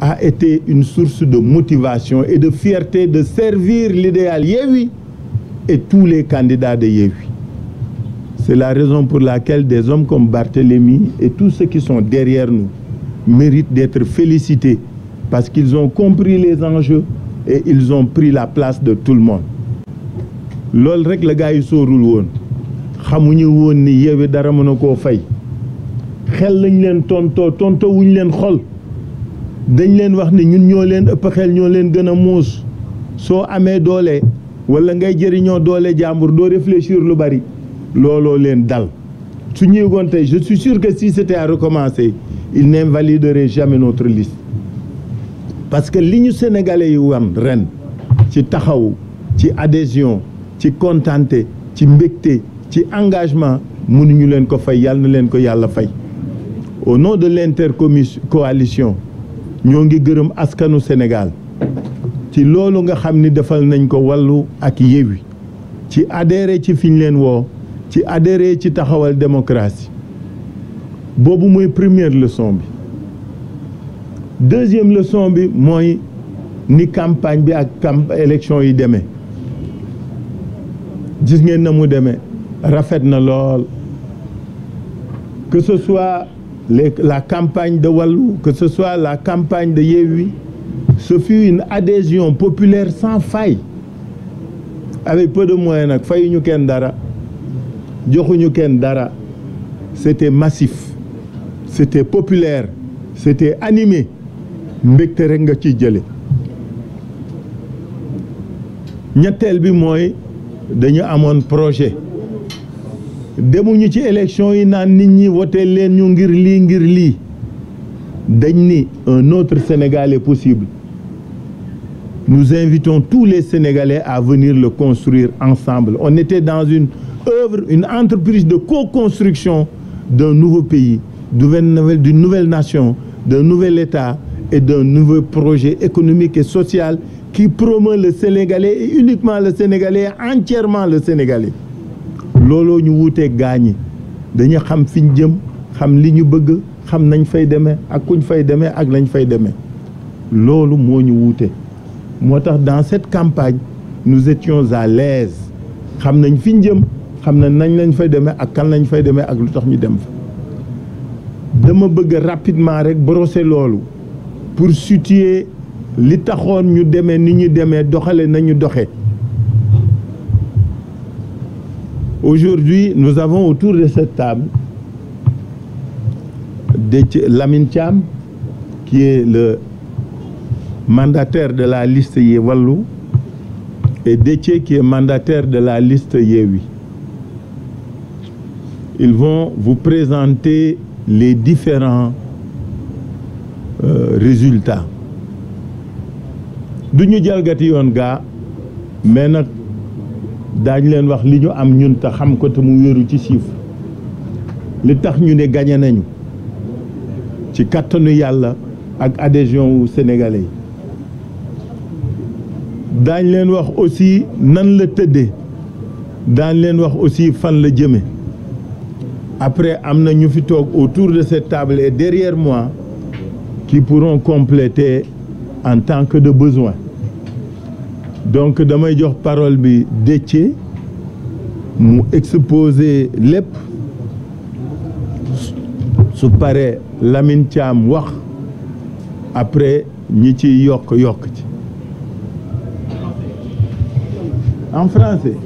a été une source de motivation et de fierté de servir l'idéal Yewwi et tous les candidats de Yewwi. C'est la raison pour laquelle des hommes comme Barthélemy et tous ceux qui sont derrière nous méritent d'être félicités parce qu'ils ont compris les enjeux et ils ont pris la place de tout le monde. loolu rek la gars yi sóorul woon xamuñu woon ni Yewwi dara mën a koo fay xel lañ leen tontoo tontoo leen xol. dañ leen wax ne ñun ñoo leen ëpp xel ñoo leen gën a muus soo amee doolee wala ngay jëriñoo doole jàmbur doo réfléchir lu bari looloo leen dal su ñu yëgoon tey je suis sûr que si c'était à recommencer il n'invaliderait jamais notre liste parce que li ñu sénégalais yi wan ren ci taxaw ci adhésion ci contenté ci mbégte ci engagement mënuñu leen ko fay yàlla na leen ko yàlla fay au nom de l'intercoalition ñoo ngi gërëm askanu Sénégal ci loolu nga xam ni defal nañ ko wallu ak Yewwi ci adhéré ci fi ñu leen woo ci adhéré ci taxawal démocratie boobu mooy première leçon bi deuxième leçon bi mooy ni campagne bi ak camp élection yi demee gis ngeen na mu demee rafet na lool les, la campagne de Walou, que ce soit la campagne de Yehui, ce fut une adhésion populaire sans faille. Avec peu de moyens, nag fayuñu kenn dara joxuñu kenn dara c'était massif c'était populaire c'était animé mbégte rek nga ci jële ñetteel bi mooy dañu amoon projet demuñu ci élection yi naan nit ñi voté leen ñu ngir lii ngir lii dañ ni un autre Sénégal est possible nous invitons tous les Sénégalais à venir le construire ensemble on était dans une œuvre une entreprise de co-construction d'un nouveau pays d'une nouvelle nation de nouvel État et d'un nouveau projet économique et social qui promeut le Sénégalais et uniquement le Sénégalais entièrement le Sénégalais looloo ñu wuutee gaañi dañu xam fi jëm xam li ñu bëgg xam nañ fay demee ak kuñ fay demee ak lañ fay demee loolu moo ñu wuute moo tax dans cette campagne nu étions à l'aise xam nañ fiñ jëm xam na nañ lañ fay demee ak kan lañ fay demee ak lu tax ñu dem fa dama bëgg rapidement rek brosser loolu pour situer li taxoon ñu demee ni ñu demee doxale nañu doxe Aujourd'hui, nous avons autour de cette table Lamine Thiam, qui est le mandataire de la liste Yewalou, et Détier, qui est mandataire de la liste Yewi. Ils vont vous présenter les différents euh, résultats. Nous avons daañ leen wax li ñu am ñun te xam ko te mu wéeru ci chiffre li tax ñu ne gañe nañu ci kàttanu yàlla ak adhésion wu sénégalais yi daañ leen wax aussi nan la tëddee daañ leen wax aussi fan la jëme après am na ñu fi toog autour de cette table et derrière moi qui pourront compléter en tant que de besoin donc damay jox parole bi Déthié mu exposé lépp su paree Lamine Thiam wax après ñi ci yokk yokk ci en français